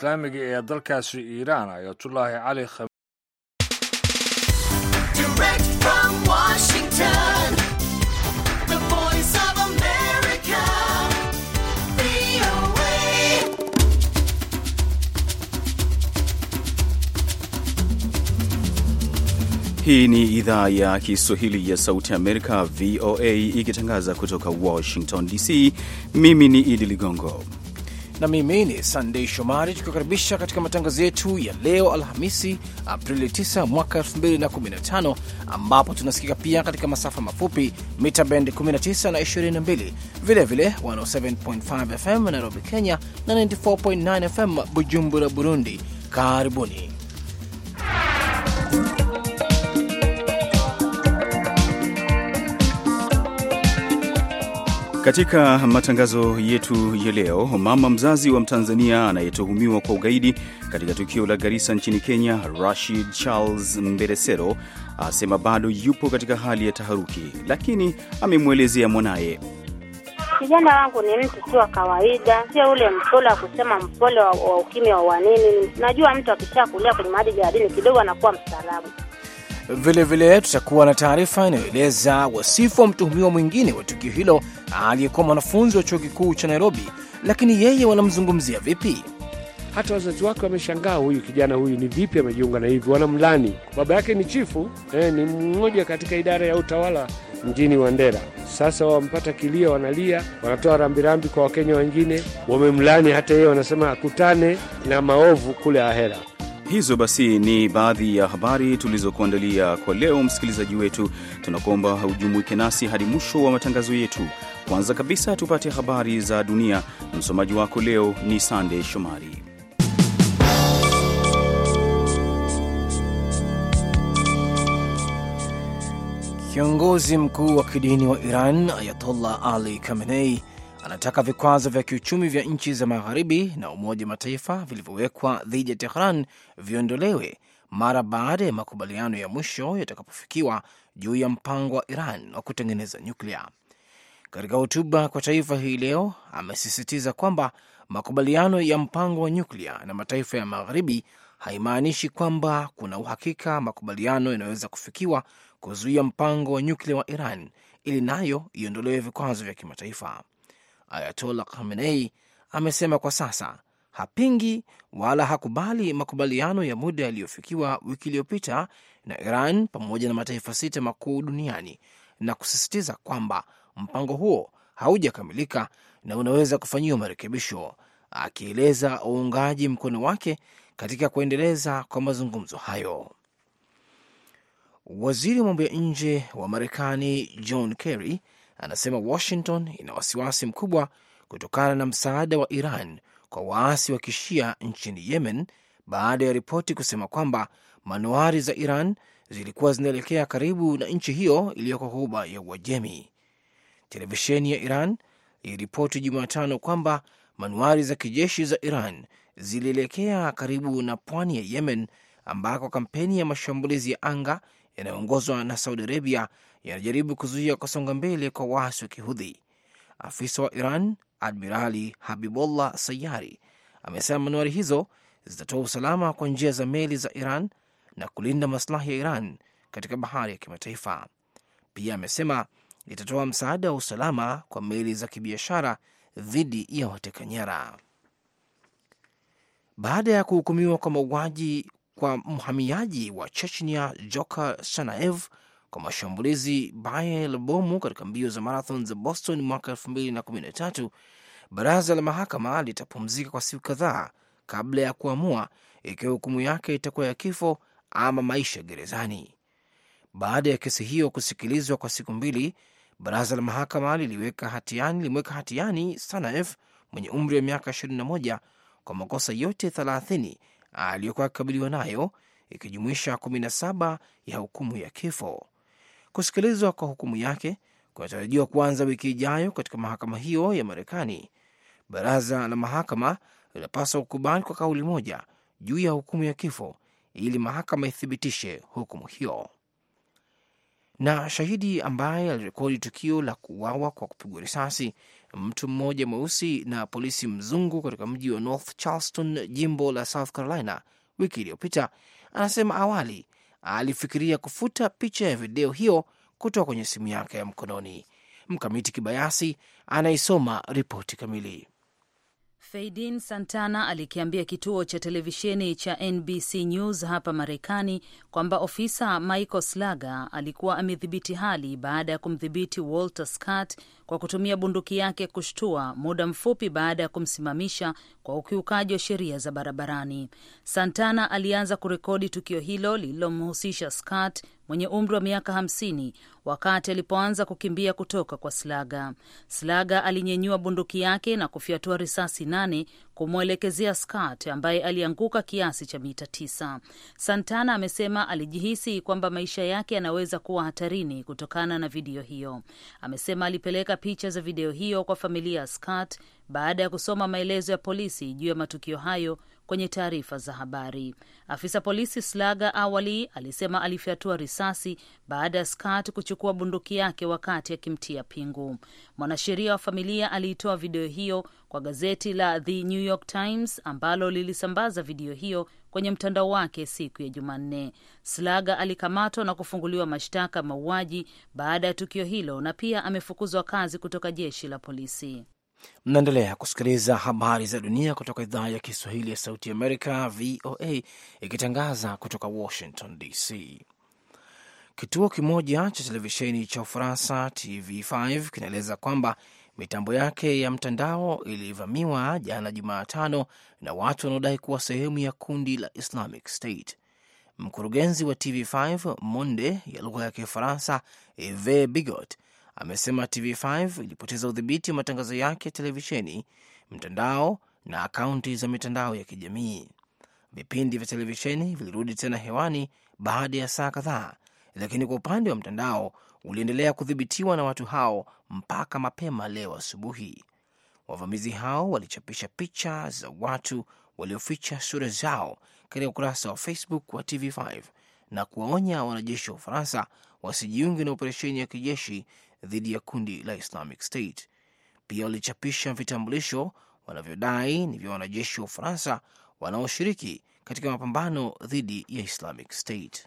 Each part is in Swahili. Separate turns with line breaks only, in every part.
islaamiga ee dalkaasi iiraan ayatullaahi cali
Hii ni idhaa ya Kiswahili ya Sauti Amerika, VOA, ikitangaza kutoka Washington DC. Mimi ni Idi Ligongo
na mimi ni Sandei Shomari, tukiwakaribisha katika matangazo yetu ya leo Alhamisi, Aprili 9 mwaka 2015, ambapo tunasikika pia katika masafa mafupi mita bendi 19 na 22, vilevile 107.5 FM Nairobi, Kenya na 94.9 FM Bujumbura, Burundi. Karibuni.
Katika matangazo yetu ya leo, mama mzazi wa Mtanzania anayetuhumiwa kwa ugaidi katika tukio la Garissa nchini Kenya, Rashid Charles Mberesero asema bado yupo katika hali ya taharuki, lakini amemwelezea mwanaye
Kijana wangu ni mtu si wa kawaida, sio ule mpole wa kusema mpole wa ukimya wa wanini. Najua mtu akishakulia kwenye maadili ya dini kidogo anakuwa mstaarabu.
Vilevile tutakuwa na taarifa inayoeleza wasifu wa mtuhumiwa mwingine wa tukio hilo
aliyekuwa mwanafunzi wa chuo kikuu cha Nairobi, lakini yeye wanamzungumzia vipi? Hata wazazi wake wameshangaa, huyu kijana huyu ni vipi amejiunga na hivi? Wanamlani. Baba yake ni chifu eh, ni mmoja katika idara ya utawala mjini Wandera. Sasa wampata kilio, wanalia, wanatoa rambirambi kwa Wakenya wengine, wamemlani hata yeye, wanasema akutane na
maovu kule ahera. Hizo basi ni baadhi ya habari tulizokuandalia kwa leo. Msikilizaji wetu, tunakuomba hujumuike nasi hadi mwisho wa matangazo yetu. Kwanza kabisa tupate habari za dunia. Msomaji wako leo ni Sande Shomari.
Kiongozi mkuu wa kidini wa Iran Ayatollah Ali Khamenei anataka vikwazo vya kiuchumi vya nchi za magharibi na Umoja wa Mataifa vilivyowekwa dhidi ya Tehran viondolewe mara baada ya makubaliano ya mwisho yatakapofikiwa juu ya mpango wa Iran wa kutengeneza nyuklia. Katika hotuba kwa taifa hii leo, amesisitiza kwamba makubaliano ya mpango wa nyuklia na mataifa ya magharibi haimaanishi kwamba kuna uhakika makubaliano yanaweza kufikiwa kuzuia mpango wa nyuklia wa Iran ili nayo iondolewe vikwazo vya kimataifa. Ayatola Khamenei amesema kwa sasa hapingi wala hakubali makubaliano ya muda yaliyofikiwa wiki iliyopita na Iran pamoja na mataifa sita makuu duniani na kusisitiza kwamba mpango huo haujakamilika na unaweza kufanyiwa marekebisho, akieleza uungaji mkono wake katika kuendeleza kwa mazungumzo hayo. Waziri wa mambo ya nje wa Marekani John Kerry anasema Washington ina wasiwasi mkubwa kutokana na msaada wa Iran kwa waasi wa kishia nchini Yemen baada ya ripoti kusema kwamba manuari za Iran zilikuwa zinaelekea karibu na nchi hiyo iliyoko ghuba ya Uajemi. Televisheni ya Iran iliripoti Jumatano kwamba manuari za kijeshi za Iran zilielekea karibu na pwani ya Yemen ambako kampeni ya mashambulizi ya anga yanayoongozwa na Saudi Arabia yanajaribu kuzuia kusonga mbele kwa waasi wa Kihudhi. Afisa wa Iran Admirali Habibullah Sayari amesema manuari hizo zitatoa usalama kwa njia za meli za Iran na kulinda maslahi ya Iran katika bahari ya kimataifa. Pia amesema litatoa msaada wa usalama kwa meli za kibiashara dhidi ya watekanyara. Baada ya kuhukumiwa kwa mauaji kwa mhamiaji wa Chechnia Joka Sanaev kwa mashambulizi baya ya bomu katika mbio za marathon za Boston mwaka tatu, baraza la mahakama litapumzika kwa siku kadhaa kabla ya kuamua ikiwa hukumu yake itakuwa ya kifo ama maisha gerezani. Baada ya kesi hiyo kusikilizwa kwa siku mbili, baraza la mahakama liliweka hatiani limeweka hatiani Sanaef mwenye umri wa miaka 21 kwa makosa yote 30 aliyokuwa akikabiliwa nayo ikijumuisha 17 ya hukumu ya kifo. Kusikilizwa kwa hukumu yake kunatarajiwa kuanza wiki ijayo katika mahakama hiyo ya Marekani. Baraza la mahakama linapaswa kukubali kwa kauli moja juu ya hukumu ya kifo ili mahakama ithibitishe hukumu hiyo. Na shahidi ambaye alirekodi tukio la kuuawa kwa kupigwa risasi mtu mmoja mweusi na polisi mzungu katika mji wa North Charleston, jimbo la South Carolina, wiki iliyopita anasema awali alifikiria kufuta picha ya video hiyo kutoka kwenye simu yake ya mkononi. Mkamiti Kibayasi anaisoma ripoti kamili.
Feidin Santana alikiambia kituo cha televisheni cha NBC News hapa Marekani kwamba ofisa Michael Slager alikuwa amedhibiti hali baada ya kumdhibiti Walter Scott kwa kutumia bunduki yake kushtua muda mfupi baada ya kumsimamisha kwa ukiukaji wa sheria za barabarani. Santana alianza kurekodi tukio hilo lililomhusisha Scott mwenye umri wa miaka hamsini wakati alipoanza kukimbia kutoka kwa Slaga. Slaga alinyenyua bunduki yake na kufyatua risasi nane kumwelekezea Scott ambaye alianguka kiasi cha mita tisa. Santana amesema alijihisi kwamba maisha yake yanaweza kuwa hatarini kutokana na video hiyo. Amesema alipeleka picha za video hiyo kwa familia ya Scott baada ya kusoma maelezo ya polisi juu ya matukio hayo kwenye taarifa za habari. Afisa polisi Slaga awali alisema alifyatua risasi baada ya Scott kuchukua bunduki yake wakati akimtia ya pingu. Mwanasheria wa familia aliitoa video hiyo kwa gazeti la The New York Times ambalo lilisambaza video hiyo kwenye mtandao wake siku ya Jumanne. Slaga alikamatwa na kufunguliwa mashtaka mauaji baada ya tukio hilo na pia amefukuzwa kazi kutoka jeshi la
polisi. Mnaendelea kusikiliza habari za dunia kutoka idhaa ya Kiswahili ya Sauti Amerika, VOA, ikitangaza kutoka Washington DC. Kituo kimoja cha televisheni cha Ufaransa, TV5, kinaeleza kwamba Mitambo yake ya mtandao ilivamiwa jana Jumatano na watu wanaodai kuwa sehemu ya kundi la Islamic State. Mkurugenzi wa TV5 Monde ya lugha ya Kifaransa Eve Bigot amesema TV5 ilipoteza udhibiti wa matangazo yake ya televisheni, mtandao na akaunti za mitandao ya kijamii. Vipindi vya televisheni vilirudi tena hewani baada ya saa kadhaa, lakini kwa upande wa mtandao uliendelea kudhibitiwa na watu hao mpaka mapema leo asubuhi. Wavamizi hao walichapisha picha za watu walioficha sura zao katika ukurasa wa Facebook wa TV5 na kuwaonya wanajeshi wa Ufaransa wasijiunge na operesheni ya kijeshi dhidi ya kundi la Islamic State. Pia walichapisha vitambulisho wanavyodai ni vya wanajeshi wa Ufaransa wanaoshiriki katika mapambano dhidi ya Islamic State.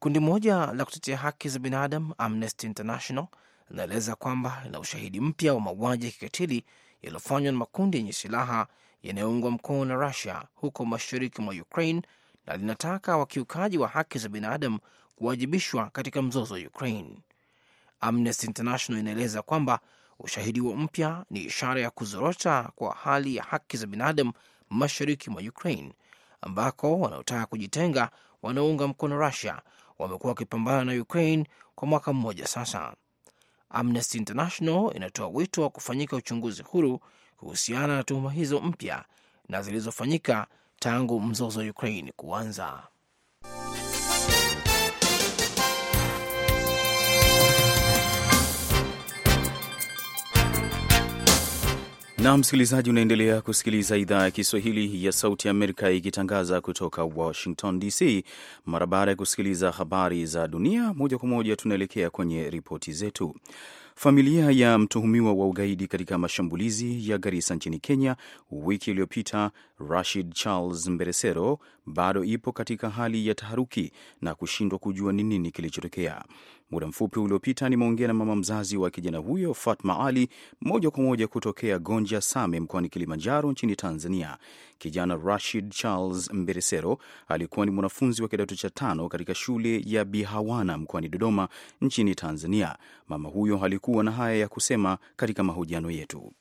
Kundi moja la kutetea haki za binadamu Amnesty International linaeleza kwamba lina ushahidi mpya wa mauaji ya kikatili yaliyofanywa na makundi yenye silaha yanayoungwa mkono na Rusia huko mashariki mwa Ukraine na linataka wakiukaji wa haki za binadamu kuwajibishwa katika mzozo wa Ukraine. Amnesty International inaeleza kwamba ushahidi huo mpya ni ishara ya kuzorota kwa hali ya haki za binadamu mashariki mwa Ukraine ambako wanaotaka kujitenga wanaounga mkono Rusia wamekuwa wakipambana na Ukraine kwa mwaka mmoja sasa. Amnesty International inatoa wito wa kufanyika uchunguzi huru kuhusiana na tuhuma hizo mpya na zilizofanyika tangu mzozo wa Ukraine kuanza.
na msikilizaji, unaendelea kusikiliza idhaa ya Kiswahili ya Sauti Amerika ikitangaza kutoka Washington DC. Mara baada ya kusikiliza habari za dunia moja kwa moja, tunaelekea kwenye ripoti zetu. Familia ya mtuhumiwa wa ugaidi katika mashambulizi ya garisa nchini Kenya wiki iliyopita, Rashid Charles Mberesero bado ipo katika hali ya taharuki na kushindwa kujua ni nini kilichotokea. Muda mfupi uliopita nimeongea na mama mzazi wa kijana huyo Fatma Ali, moja kwa moja kutokea Gonja Same mkoani Kilimanjaro nchini Tanzania. Kijana Rashid Charles Mberesero alikuwa ni mwanafunzi wa kidato cha tano katika shule ya Bihawana mkoani Dodoma nchini Tanzania. Mama huyo alikuwa na haya ya kusema katika mahojiano yetu.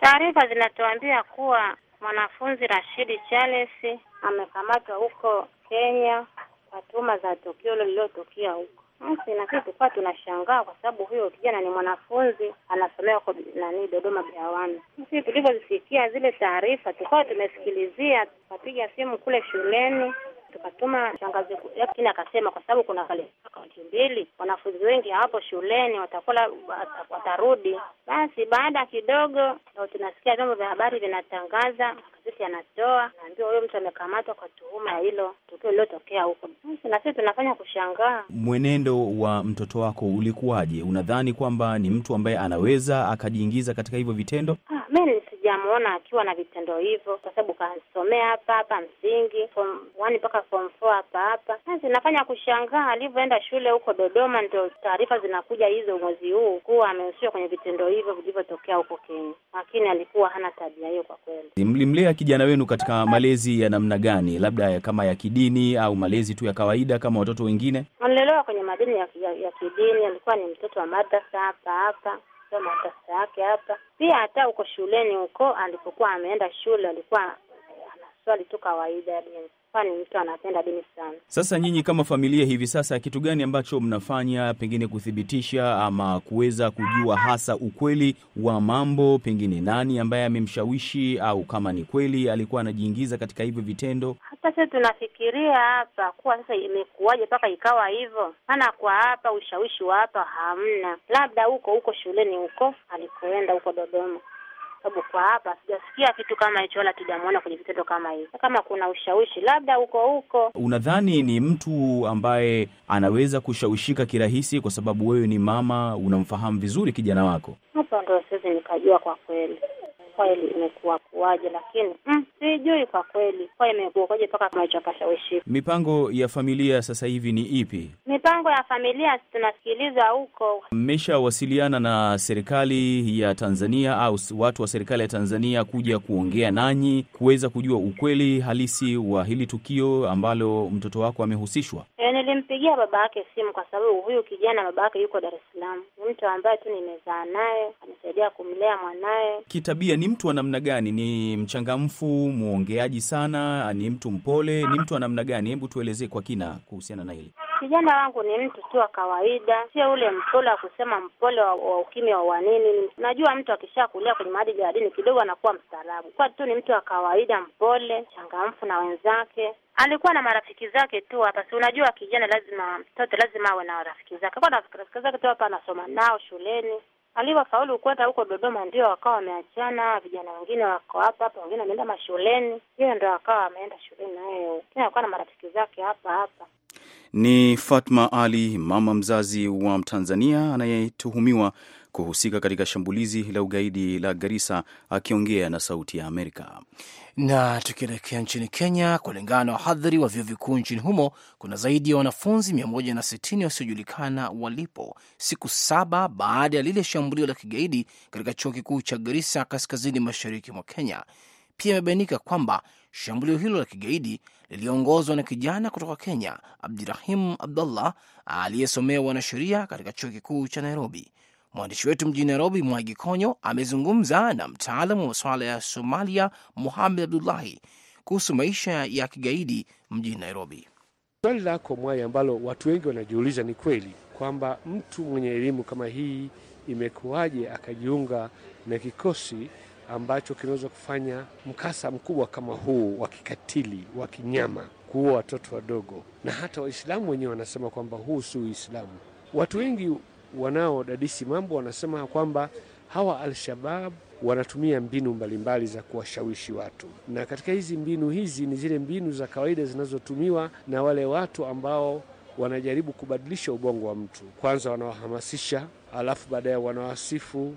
Taarifa zinatuambia kuwa Mwanafunzi Rashidi Charles amekamatwa huko Kenya kwa tuma za tukio lililotokea huko basi na sisi tulikuwa tunashangaa kwa sababu huyo kijana ni mwanafunzi anasomea kwa nani Dodoma Bihawani. Sisi tulivyozisikia zile taarifa tulikuwa tumesikilizia, tukapiga simu kule shuleni, tukatuma shangazi yakini akasema, kwa sababu kuna kaunti mbili, wanafunzi wengi hawapo shuleni, watakula watarudi. Basi baada kidogo tunasikia vyombo vya habari vinatangaza sisi anatoa, naambiwa huyo mtu amekamatwa kwa tuhuma ya hilo tukio lililotokea huko. Basi na sisi tunafanya kushangaa.
Mwenendo wa mtoto wako ulikuwaje? Unadhani kwamba ni mtu ambaye anaweza akajiingiza katika hivyo vitendo?
Ah, mimi sijamuona akiwa na vitendo hivyo, kwa sababu kasomea hapa hapa msingi form one mpaka form four hapa hapa. Sasa nafanya kushangaa, alivyoenda shule huko Dodoma ndo taarifa zinakuja hizo mwezi huu kuwa amehusishwa kwenye vitendo hivyo vilivyotokea huko Kenya, lakini alikuwa hana tabia hiyo kwa kweli.
Mlimlea kijana wenu katika malezi ya namna gani, labda ya kama ya kidini au malezi tu ya kawaida kama watoto wengine?
Alilelewa kwenye madini ya, ya, ya kidini. Alikuwa ni mtoto wa madrasa hapa hapa so madrasa yake hapa pia, hata huko shuleni huko alipokuwa ameenda shule alikuwa anaswali tu kawaida yani kwani mtu anapenda dini sana.
Sasa nyinyi kama familia hivi sasa, kitu gani ambacho mnafanya pengine kuthibitisha ama kuweza kujua hasa ukweli wa mambo, pengine nani ambaye amemshawishi au kama ni kweli alikuwa anajiingiza katika hivyo vitendo?
Hata sisi tunafikiria hapa kuwa sasa imekuwaje mpaka ikawa hivyo, maana kwa hapa ushawishi wa hapa hamna, labda huko huko shuleni huko alikoenda huko Dodoma sababu kwa hapa sijasikia kitu kama hicho, wala tujamwona kwenye vitendo kama hivi. Kama kuna ushawishi, labda huko huko.
Unadhani ni mtu ambaye anaweza kushawishika kirahisi, kwa sababu wewe ni mama, unamfahamu vizuri kijana wako?
Hapo ndo siwezi nikajua kwa kweli kweli imekuwa kuwaje, lakini mm, sijui kwa kweli kwa imekuwaje mpaka kama
Mipango ya familia sasa hivi ni ipi?
Mipango ya familia tunasikilizwa huko.
Mmeshawasiliana na serikali ya Tanzania au watu wa serikali ya Tanzania kuja kuongea nanyi kuweza kujua ukweli halisi wa hili tukio ambalo mtoto wako amehusishwa?
E, nilimpigia baba yake simu kwa sababu huyu kijana baba yake yuko Dar es Salaam. Ni mtu ambaye tu nimezaa naye, amesaidia kumlea mwanaye
kitabia ni mtu wa namna gani? Ni mchangamfu, mwongeaji sana, ni mtu mpole, ni mtu wa namna gani? Hebu tuelezee kwa kina kuhusiana na hili.
Kijana wangu ni mtu tu wa kawaida, sio ule mpole wa kusema mpole wa, wa ukimi wa wanini. Najua mtu akishakulia kwenye maadili ya dini kidogo anakuwa mstaarabu, kwa tu ni mtu wa kawaida, mpole, mchangamfu na wenzake alikuwa na marafiki zake tu hapa. Si unajua kijana lazima, mtoto lazima awe na rafiki zake. Kwa rafiki zake tu hapa, anasoma nao shuleni, alivyofaulu kwenda huko Dodoma ndio wakawa wameachana, vijana wengine wako hapa hapa, wengine wameenda mashuleni, hiyo ndio wakawa wameenda shuleni naye, kila alikuwa na marafiki zake hapa hapa.
Ni Fatma Ali, mama mzazi wa Mtanzania anayetuhumiwa kuhusika katika shambulizi la ugaidi la Garissa, akiongea na Sauti ya Amerika.
Na tukielekea nchini Kenya, kulingana na wahadhiri wa vyuo vikuu nchini humo, kuna zaidi ya wanafunzi 160 wasiojulikana walipo siku saba baada ya lile shambulio la kigaidi katika chuo kikuu cha Garissa, kaskazini mashariki mwa Kenya. Pia imebainika kwamba shambulio hilo la kigaidi liliongozwa na kijana kutoka Kenya, Abdirahim Abdullah, aliyesomea wanasheria katika chuo kikuu cha Nairobi. Mwandishi wetu mjini Nairobi, Mwangi Konyo, amezungumza na mtaalamu wa masuala ya Somalia, Muhamed Abdullahi, kuhusu maisha ya kigaidi mjini Nairobi.
Swali lako Mwai, ambalo watu wengi wanajiuliza, ni kweli kwamba mtu mwenye elimu kama hii imekuwaje akajiunga na kikosi ambacho kinaweza kufanya mkasa mkubwa kama huu wa kikatili wa kinyama, kuua watoto wadogo? Na hata Waislamu wenyewe wanasema kwamba huu si Uislamu. Watu wengi wanaodadisi mambo wanasema kwamba hawa Al-Shabab wanatumia mbinu mbalimbali za kuwashawishi watu, na katika hizi mbinu hizi ni zile mbinu za kawaida zinazotumiwa na wale watu ambao wanajaribu kubadilisha ubongo wa mtu. Kwanza wanawahamasisha, alafu baadaye wanawasifu,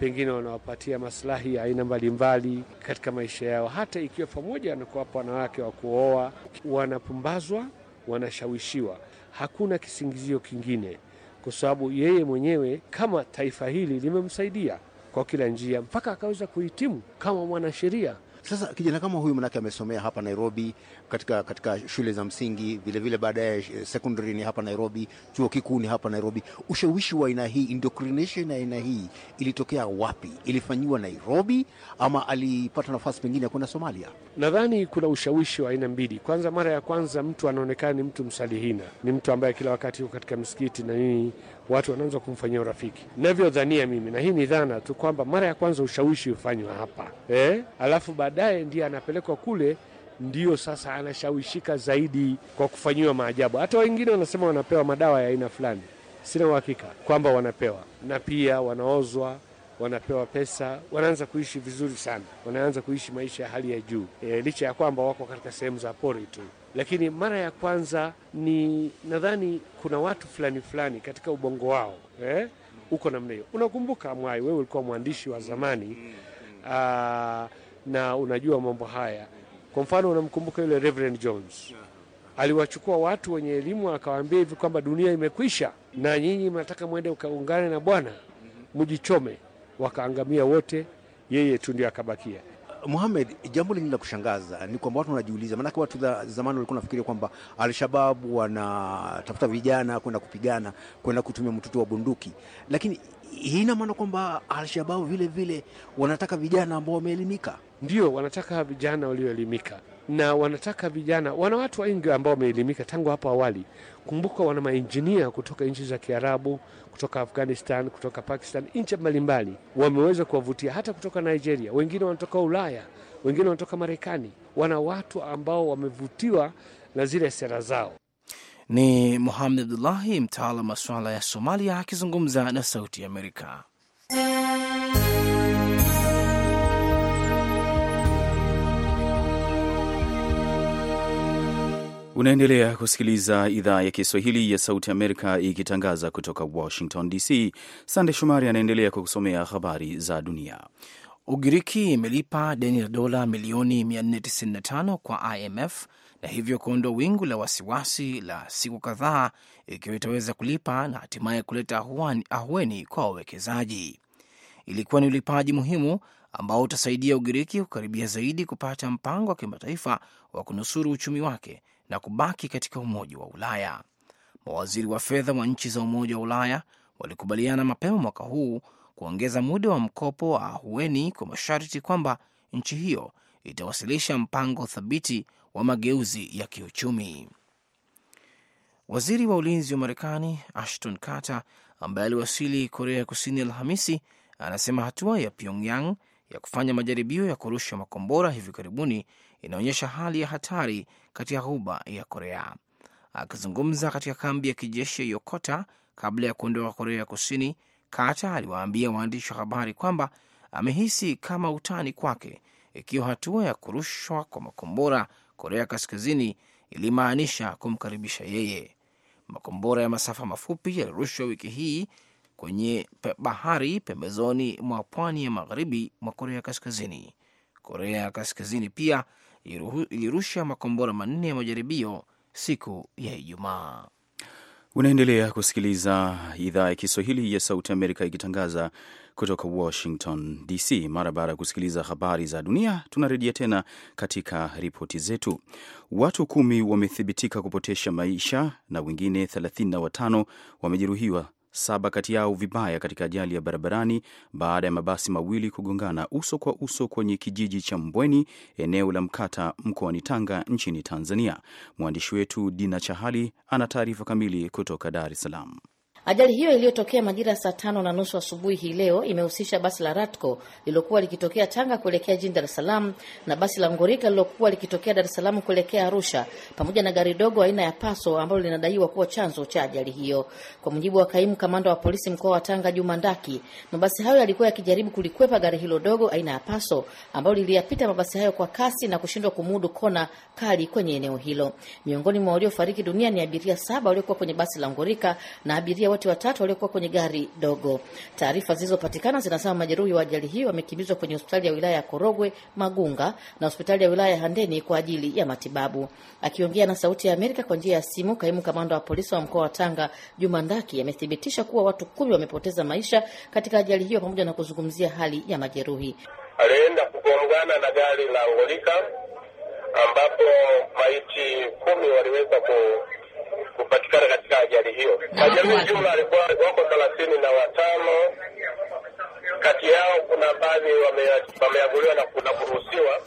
pengine wanawapatia maslahi ya aina mbalimbali katika maisha yao, hata ikiwa pamoja na kuwapa wanawake wa kuoa. Wanapumbazwa, wanashawishiwa, hakuna kisingizio kingine kwa sababu yeye mwenyewe kama taifa hili limemsaidia kwa kila njia mpaka akaweza kuhitimu kama mwanasheria. Sasa kijana kama huyu manake amesomea hapa Nairobi, katika, katika shule za msingi vilevile, baadaye eh, secondary ni hapa Nairobi,
chuo kikuu ni hapa Nairobi. Ushawishi wa aina hii, indoctrination ya aina hii ilitokea wapi?
Ilifanyiwa Nairobi ama alipata nafasi pengine ya kwenda Somalia? Nadhani kuna ushawishi wa aina mbili. Kwanza, mara ya kwanza mtu anaonekana ni mtu msalihina, ni mtu ambaye kila wakati yuko katika msikiti na nini, watu wanaanza kumfanyia urafiki. Navyodhania mimi, na hii ni dhana tu, kwamba mara ya kwanza ushawishi hufanywa hapa eh, alafu baadaye ndiye anapelekwa kule ndiyo sasa anashawishika zaidi kwa kufanyiwa maajabu. Hata wengine wanasema wanapewa madawa ya aina fulani, sina uhakika kwamba wanapewa, na pia wanaozwa wanapewa pesa, wanaanza kuishi vizuri sana, wanaanza kuishi maisha ya hali ya juu e, licha ya kwamba wako katika sehemu za pori tu. Lakini mara ya kwanza ni nadhani kuna watu fulani fulani katika ubongo wao eh, uko namna hiyo. Unakumbuka Mwai, wewe ulikuwa mwandishi wa zamani mm, mm, mm. aa, na unajua mambo haya kwa mfano unamkumbuka yule Reverend Jones aliwachukua watu wenye elimu akawaambia hivi kwamba dunia imekwisha na nyinyi mnataka mwende ukaungane na Bwana mjichome, wakaangamia wote, yeye tu ndio akabakia. Muhammad, jambo lingine la kushangaza ni kwamba watu wanajiuliza, maanake watu za zamani walikuwa nafikiria kwamba Alshababu wanatafuta vijana kwenda
kupigana, kwenda kutumia mtutu wa bunduki, lakini hii ina maana kwamba Alshababu vile
vile wanataka vijana ambao wameelimika ndio wanataka vijana walioelimika na wanataka vijana, wana watu wengi ambao wameelimika tangu hapo awali. Kumbuka, wana mainjinia kutoka nchi za Kiarabu, kutoka Afghanistan, kutoka Pakistan, nchi mbalimbali, wameweza kuwavutia hata kutoka Nigeria. Wengine wanatoka Ulaya, wengine wanatoka Marekani. Wana watu ambao wamevutiwa na zile sera zao.
Ni Muhamed Abdullahi, mtaalam wa masuala ya Somalia, akizungumza na Sauti Amerika.
Unaendelea kusikiliza idhaa ya Kiswahili ya Sauti Amerika ikitangaza kutoka Washington DC. Sande Shomari anaendelea kwa kusomea habari za
dunia. Ugiriki imelipa deni la dola milioni 495 kwa IMF na hivyo kuondoa wingu la wasiwasi la siku kadhaa ikiwa itaweza kulipa na hatimaye kuleta ahueni kwa wawekezaji. Ilikuwa ni ulipaji muhimu ambao utasaidia Ugiriki kukaribia zaidi kupata mpango wa kimataifa wa kunusuru uchumi wake na kubaki katika Umoja wa Ulaya. Mawaziri wa fedha wa nchi za Umoja wa Ulaya walikubaliana mapema mwaka huu kuongeza muda wa mkopo wa ahueni kwa masharti kwamba nchi hiyo itawasilisha mpango thabiti wa mageuzi ya kiuchumi. Waziri wa ulinzi wa Marekani Ashton Carter ambaye aliwasili Korea ya Kusini Alhamisi anasema hatua ya Pyongyang ya kufanya majaribio ya kurusha makombora hivi karibuni inaonyesha hali ya hatari katika ghuba ya Korea. Akizungumza katika kambi ya kijeshi ya Yokota kabla ya kuondoka Korea ya Kusini, Kata aliwaambia waandishi wa habari kwamba amehisi kama utani kwake ikiwa hatua ya kurushwa kwa makombora Korea Kaskazini ilimaanisha kumkaribisha yeye. Makombora ya masafa mafupi yalirushwa wiki hii kwenye bahari pembezoni mwa pwani ya magharibi mwa Korea Kaskazini. Korea Kaskazini pia ilirusha makombora manne ya majaribio siku ya Ijumaa.
Unaendelea kusikiliza idhaa ya Kiswahili ya Sauti Amerika ikitangaza kutoka Washington DC. Mara baada ya kusikiliza habari za dunia, tunarejea tena katika ripoti zetu. Watu kumi wamethibitika kupotesha maisha na wengine 35 wamejeruhiwa saba kati yao vibaya katika ajali ya barabarani baada ya mabasi mawili kugongana uso kwa uso kwenye kijiji cha Mbweni, eneo la Mkata, mkoani Tanga, nchini Tanzania. Mwandishi wetu Dina Chahali ana taarifa kamili kutoka Dar es Salaam.
Ajali hiyo iliyotokea majira saa tano na nusu asubuhi hii leo imehusisha basi la Ratco lililokuwa likitokea Tanga kuelekea jijini Dar es Salaam na basi la Ngorika lililokuwa likitokea Dar es Salaam kuelekea Arusha pamoja na gari dogo aina ya Paso ambalo linadaiwa kuwa chanzo cha ajali hiyo. Kwa mujibu wa kaimu kamanda wa polisi mkoa wa Tanga, Juma Ndaki, mabasi hayo yalikuwa yakijaribu kulikwepa gari hilo dogo aina ya Paso ambalo liliyapita mabasi hayo kwa kasi na kushindwa kumudu kona kali kwenye eneo hilo. Miongoni mwa waliofariki dunia ni abiria saba waliokuwa kwenye basi la Ngorika na abiria wote watatu waliokuwa kwenye gari dogo. Taarifa zilizopatikana zinasema majeruhi wa ajali hiyo wamekimbizwa kwenye hospitali ya wilaya ya Korogwe Magunga na hospitali ya wilaya ya Handeni kwa ajili ya matibabu. Akiongea na Sauti ya Amerika kwa njia ya simu, kaimu kamanda wa polisi wa mkoa wa Tanga Juma Ndaki amethibitisha kuwa watu kumi wamepoteza maisha katika ajali hiyo, pamoja na kuzungumzia hali ya majeruhi.
Alienda kugongana na gari la ngolika ambapo maiti kumi waliweza ku kupatikana katika ajali hiyo. Majeruhi jumla alikuwa wako thelathini na watano, kati yao kuna baadhi wameaguliwa na kuruhusiwa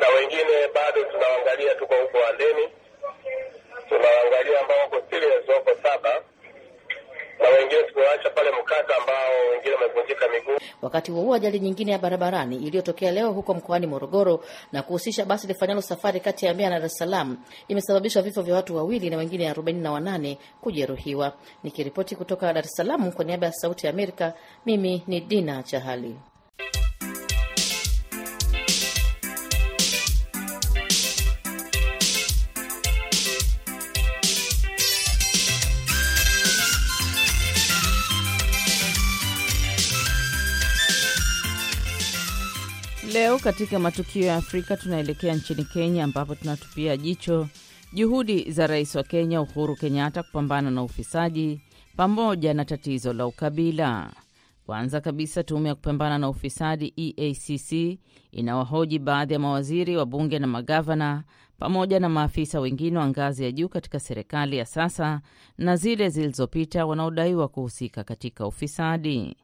na wengine bado tunawaangalia, tuko huko Andeni tunawaangalia ambao wako serious, wako
saba na wengine tumewaacha pale mkata ambao wengine wamevunjika miguu. Wakati huo ajali nyingine ya barabarani iliyotokea leo huko mkoani Morogoro na kuhusisha basi lifanyalo safari kati ya Mbeya na Dar es Salaam imesababisha vifo vya watu wawili na wengine arobaini na wanane kujeruhiwa. Nikiripoti kutoka Dar es Salaam kwa niaba ya Sauti ya Amerika, mimi ni Dina Chahali.
Leo katika matukio ya Afrika tunaelekea nchini Kenya ambapo tunatupia jicho juhudi za rais wa Kenya Uhuru Kenyatta kupambana na ufisadi pamoja na tatizo la ukabila. Kwanza kabisa, tume ya kupambana na ufisadi EACC inawahoji baadhi ya mawaziri wa bunge na magavana pamoja na maafisa wengine wa ngazi ya juu katika serikali ya sasa na zile zilizopita wanaodaiwa kuhusika katika ufisadi.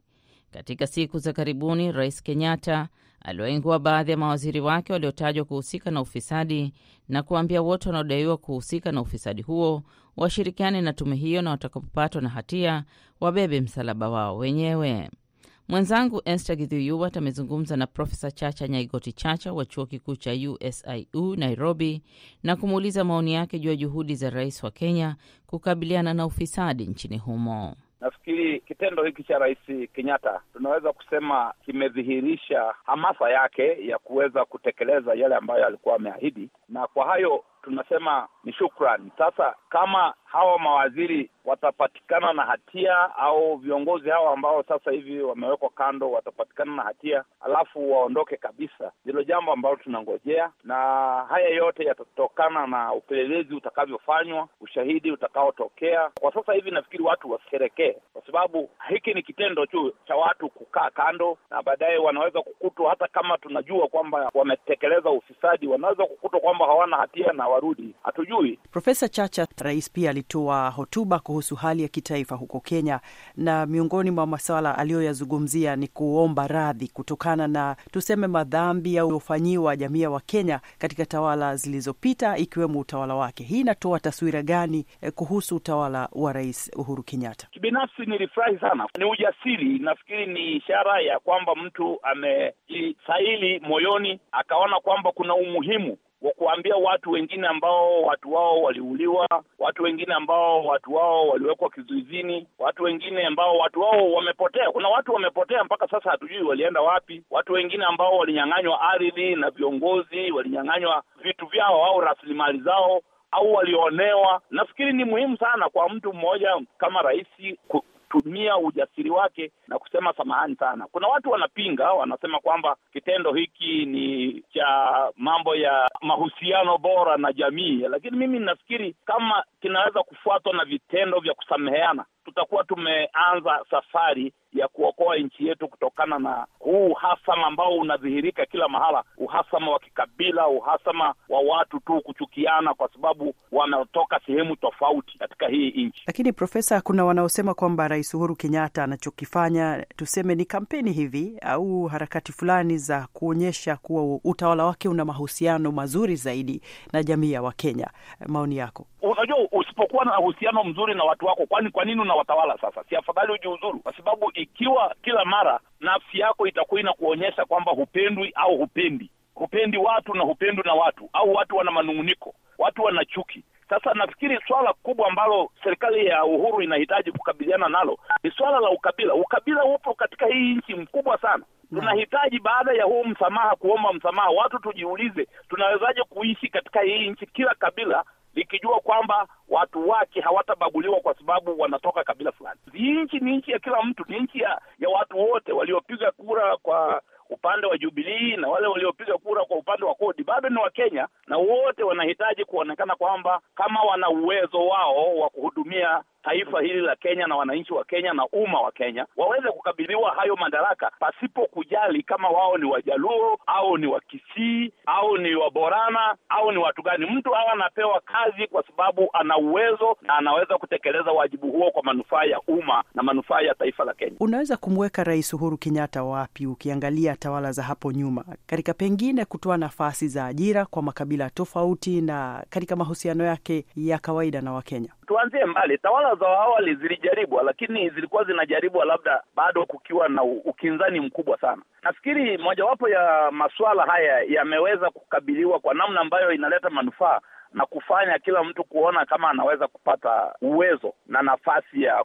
Katika siku za karibuni, Rais Kenyatta aliwaingua baadhi ya mawaziri wake waliotajwa kuhusika na ufisadi na kuwaambia wote wanaodaiwa kuhusika na ufisadi huo washirikiane na tume hiyo na watakapopatwa na hatia wabebe msalaba wao wenyewe. Mwenzangu Esther Githyuwat amezungumza na Profesa Chacha Nyaigoti Chacha wa chuo kikuu cha USIU Nairobi na kumuuliza maoni yake juu ya juhudi za rais wa Kenya kukabiliana na ufisadi nchini humo.
Nafikiri kitendo hiki cha Rais Kenyatta tunaweza kusema kimedhihirisha hamasa yake ya kuweza kutekeleza yale ambayo alikuwa ameahidi, na kwa hayo tunasema ni shukrani. Sasa kama hawa mawaziri watapatikana na hatia au viongozi hawa ambao sasa hivi wamewekwa kando watapatikana na hatia, alafu waondoke kabisa, ndilo jambo ambalo tunangojea, na haya yote yatatokana na upelelezi utakavyofanywa, ushahidi utakaotokea. Kwa sasa hivi nafikiri watu washerekee, kwa sababu hiki ni kitendo tu cha watu kukaa kando, na baadaye wanaweza kukutwa, hata kama tunajua kwamba wametekeleza ufisadi, wanaweza kukutwa kwamba hawana hatia na hawarudi,
hatujui. Profesa Chacha, rais pia alitoa hotuba kuhusu hali ya kitaifa huko Kenya, na miongoni mwa masuala aliyoyazungumzia ni kuomba radhi kutokana na tuseme madhambi yaliyofanyiwa jamii ya Wakenya katika tawala zilizopita ikiwemo utawala wake. Hii inatoa taswira gani eh, kuhusu utawala wa Rais Uhuru Kenyatta?
Kibinafsi nilifurahi sana, ni ujasiri. Nafikiri ni ishara ya kwamba mtu amejisaili moyoni, akaona kwamba kuna umuhimu kuambia watu wengine ambao watu wao waliuliwa, watu wengine ambao watu wao waliwekwa kizuizini, watu wengine ambao watu wao wamepotea. Kuna watu wamepotea mpaka sasa, hatujui walienda wapi. Watu wengine ambao walinyang'anywa ardhi na viongozi, walinyang'anywa vitu vyao au rasilimali zao au walionewa. Nafikiri ni muhimu sana kwa mtu mmoja kama rais kutumia ujasiri wake na kusema samahani sana. Kuna watu wanapinga, wanasema kwamba kitendo hiki ni cha mambo ya mahusiano bora na jamii, lakini mimi nafikiri kama kinaweza kufuatwa na vitendo vya kusameheana, tutakuwa tumeanza safari ya kuokoa nchi yetu kutokana na huu uhasama ambao unadhihirika kila mahala, uhasama wa kikabila, uhasama wa watu tu kuchukiana kwa sababu wanatoka sehemu tofauti katika hii
nchi. Lakini Profesa, kuna wanaosema kwamba Rais Uhuru Kenyatta anachokifanya tuseme ni kampeni hivi au harakati fulani za kuonyesha kuwa utawala wake una mahusiano mazuri zaidi na jamii ya Wakenya. Maoni yako?
unajua usipokuwa na uhusiano mzuri na watu wako, kwani kwa nini unawatawala sasa? Si afadhali ujiuzuru? Kwa sababu ikiwa kila mara nafsi yako itakuwa inakuonyesha kwamba hupendwi au hupendi, hupendi watu na hupendwi na watu, au watu wana manung'uniko, watu wana chuki sasa nafikiri swala kubwa ambalo serikali ya Uhuru inahitaji kukabiliana nalo ni swala la ukabila. Ukabila upo katika hii nchi mkubwa sana. Tunahitaji baada ya huu msamaha, kuomba msamaha, watu tujiulize, tunawezaje kuishi katika hii nchi kila kabila likijua kwamba watu wake hawatabaguliwa kwa sababu wanatoka kabila fulani. Nchi ni nchi ya kila mtu, ni nchi ya, ya watu wote waliopiga kura kwa upande wa jubilii na wale waliopiga kura kwa upande wa kodi bado ni Wakenya, na wote wanahitaji kuonekana kwamba kama wana uwezo wao wa kuhudumia taifa hili la Kenya na wananchi wa Kenya na umma wa Kenya waweze kukabidhiwa hayo madaraka pasipo kujali kama wao ni Wajaluo au ni Wakisii au ni Waborana au ni watu gani. Mtu hawa anapewa kazi kwa sababu ana uwezo na anaweza kutekeleza wajibu huo kwa manufaa ya umma na manufaa ya taifa la Kenya.
Unaweza kumweka Rais Uhuru Kenyatta wapi ukiangalia tawala za hapo nyuma, katika pengine kutoa nafasi za ajira kwa makabila tofauti na katika mahusiano yake ya kawaida na Wakenya.
Tuanzie mbali, tawala za awali zilijaribwa lakini zilikuwa zinajaribwa labda bado kukiwa na ukinzani mkubwa sana. Nafikiri mojawapo ya masuala haya yameweza kukabiliwa kwa namna ambayo inaleta manufaa na kufanya kila mtu kuona kama anaweza kupata uwezo na nafasi ya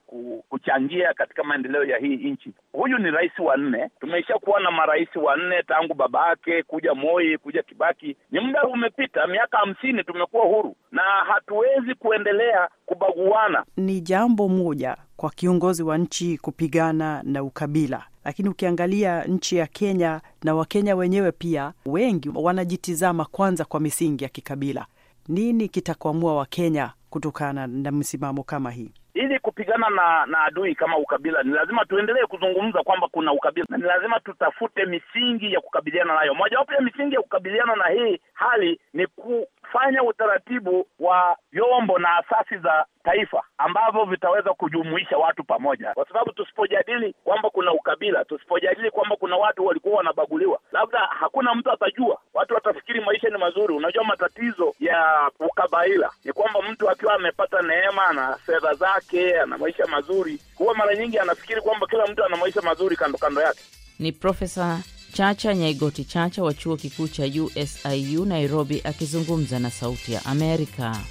kuchangia katika maendeleo ya hii nchi. Huyu ni rais wa nne, tumeisha kuwa na marais wa nne tangu yake kuja Moi kuja Kibaki. Ni muda umepita, miaka hamsini tumekuwa huru na hatuwezi kuendelea kubaguana.
Ni jambo moja kwa kiongozi wa nchi kupigana na ukabila lakini ukiangalia nchi ya Kenya na Wakenya wenyewe pia wengi wanajitizama kwanza kwa misingi ya kikabila. Nini kitakwamua Wakenya kutokana na msimamo kama hii?
Ili kupigana na na adui kama ukabila, ni lazima tuendelee kuzungumza kwamba kuna ukabila na ni lazima tutafute misingi ya kukabiliana nayo. Mojawapo ya misingi ya kukabiliana na hii hali ni ku fanya utaratibu wa vyombo na asasi za taifa ambavyo vitaweza kujumuisha watu pamoja, kwa sababu tusipojadili kwamba kuna ukabila, tusipojadili kwamba kuna watu walikuwa wanabaguliwa, labda hakuna mtu atajua. Watu watafikiri maisha ni mazuri. Unajua, matatizo ya ukabaila ni kwamba mtu akiwa amepata neema, na fedha zake, ana maisha mazuri, huwa mara nyingi anafikiri kwamba kila mtu ana maisha mazuri kando kando yake.
Ni Profesa Chacha Nyaigoti Chacha wa chuo kikuu cha USIU Nairobi akizungumza na Sauti ya Amerika.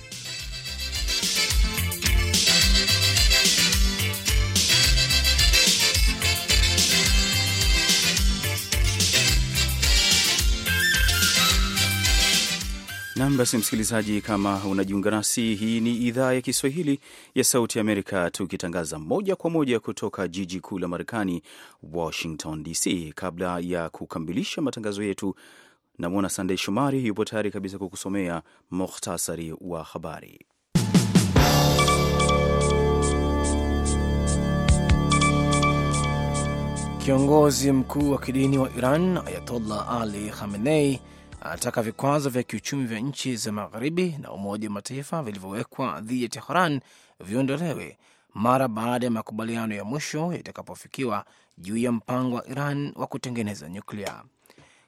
Nam, basi msikilizaji, kama unajiunga nasi, hii ni idhaa ya Kiswahili ya Sauti Amerika, tukitangaza moja kwa moja kutoka jiji kuu la Marekani, Washington DC. Kabla ya kukamilisha matangazo yetu, namwona Sandei Shomari yupo tayari kabisa kukusomea muhtasari wa habari.
Kiongozi mkuu wa kidini wa Iran Ayatollah Ali Khamenei anataka vikwazo vya kiuchumi vya nchi za magharibi na Umoja wa Mataifa vilivyowekwa dhidi ya tehran viondolewe mara baada ya makubaliano ya mwisho yatakapofikiwa juu ya mpango wa Iran wa kutengeneza nyuklia.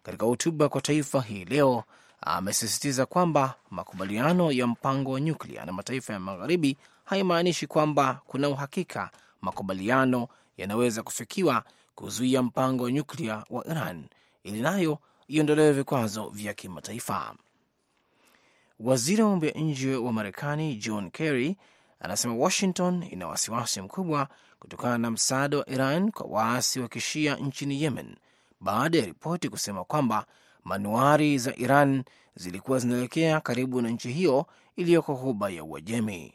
Katika hotuba kwa taifa hii leo, amesisitiza kwamba makubaliano ya mpango wa nyuklia na mataifa ya magharibi haimaanishi kwamba kuna uhakika makubaliano yanaweza kufikiwa kuzuia mpango wa nyuklia wa Iran ili nayo iondolewe vikwazo vya kimataifa. Waziri wa mambo ya nje wa Marekani John Kerry anasema Washington ina wasiwasi mkubwa kutokana na msaada wa Iran kwa waasi wa kishia nchini Yemen baada ya ripoti kusema kwamba manuari za Iran zilikuwa zinaelekea karibu na nchi hiyo iliyoko huba ya Uajemi.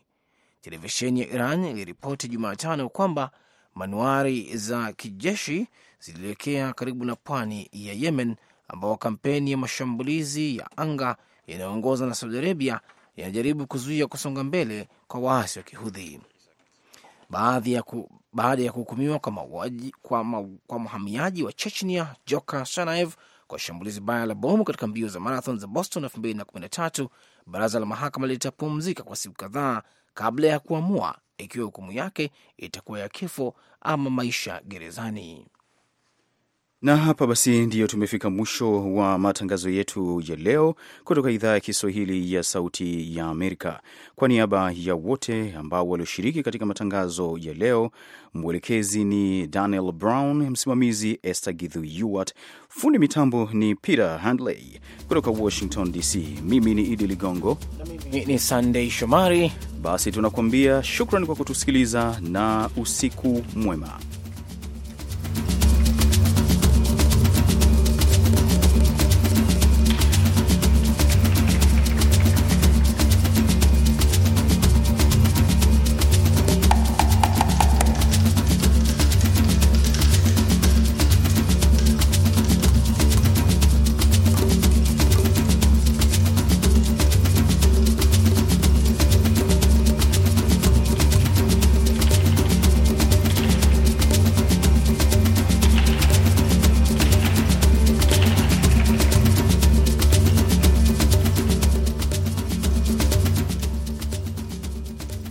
Televisheni ya Iran iliripoti Jumatano kwamba manuari za kijeshi zilielekea karibu na pwani ya Yemen ambao kampeni ya mashambulizi ya anga yanayoongozwa na Saudi Arabia yanajaribu kuzuia kusonga mbele kwa waasi wa Kihudhi. Baada ya kuhukumiwa kwa kwa, ma, kwa mhamiaji wa Chechnia Joka Sanaev kwa shambulizi baya la bomu katika mbio za marathon za Boston 2013, baraza la mahakama litapumzika kwa siku kadhaa kabla ya kuamua ikiwa hukumu yake itakuwa ya kifo ama maisha gerezani.
Na hapa basi ndiyo tumefika mwisho wa matangazo yetu ya leo kutoka idhaa ya Kiswahili ya Sauti ya Amerika. Kwa niaba ya wote ambao walioshiriki katika matangazo ya leo, mwelekezi ni Daniel Brown, msimamizi Esther Githu Yuart, fundi mitambo ni Peter Handley kutoka Washington DC. Mimi ni Idi Ligongo na mimi ni Sandei Shomari. Basi tunakuambia shukran kwa kutusikiliza na usiku mwema.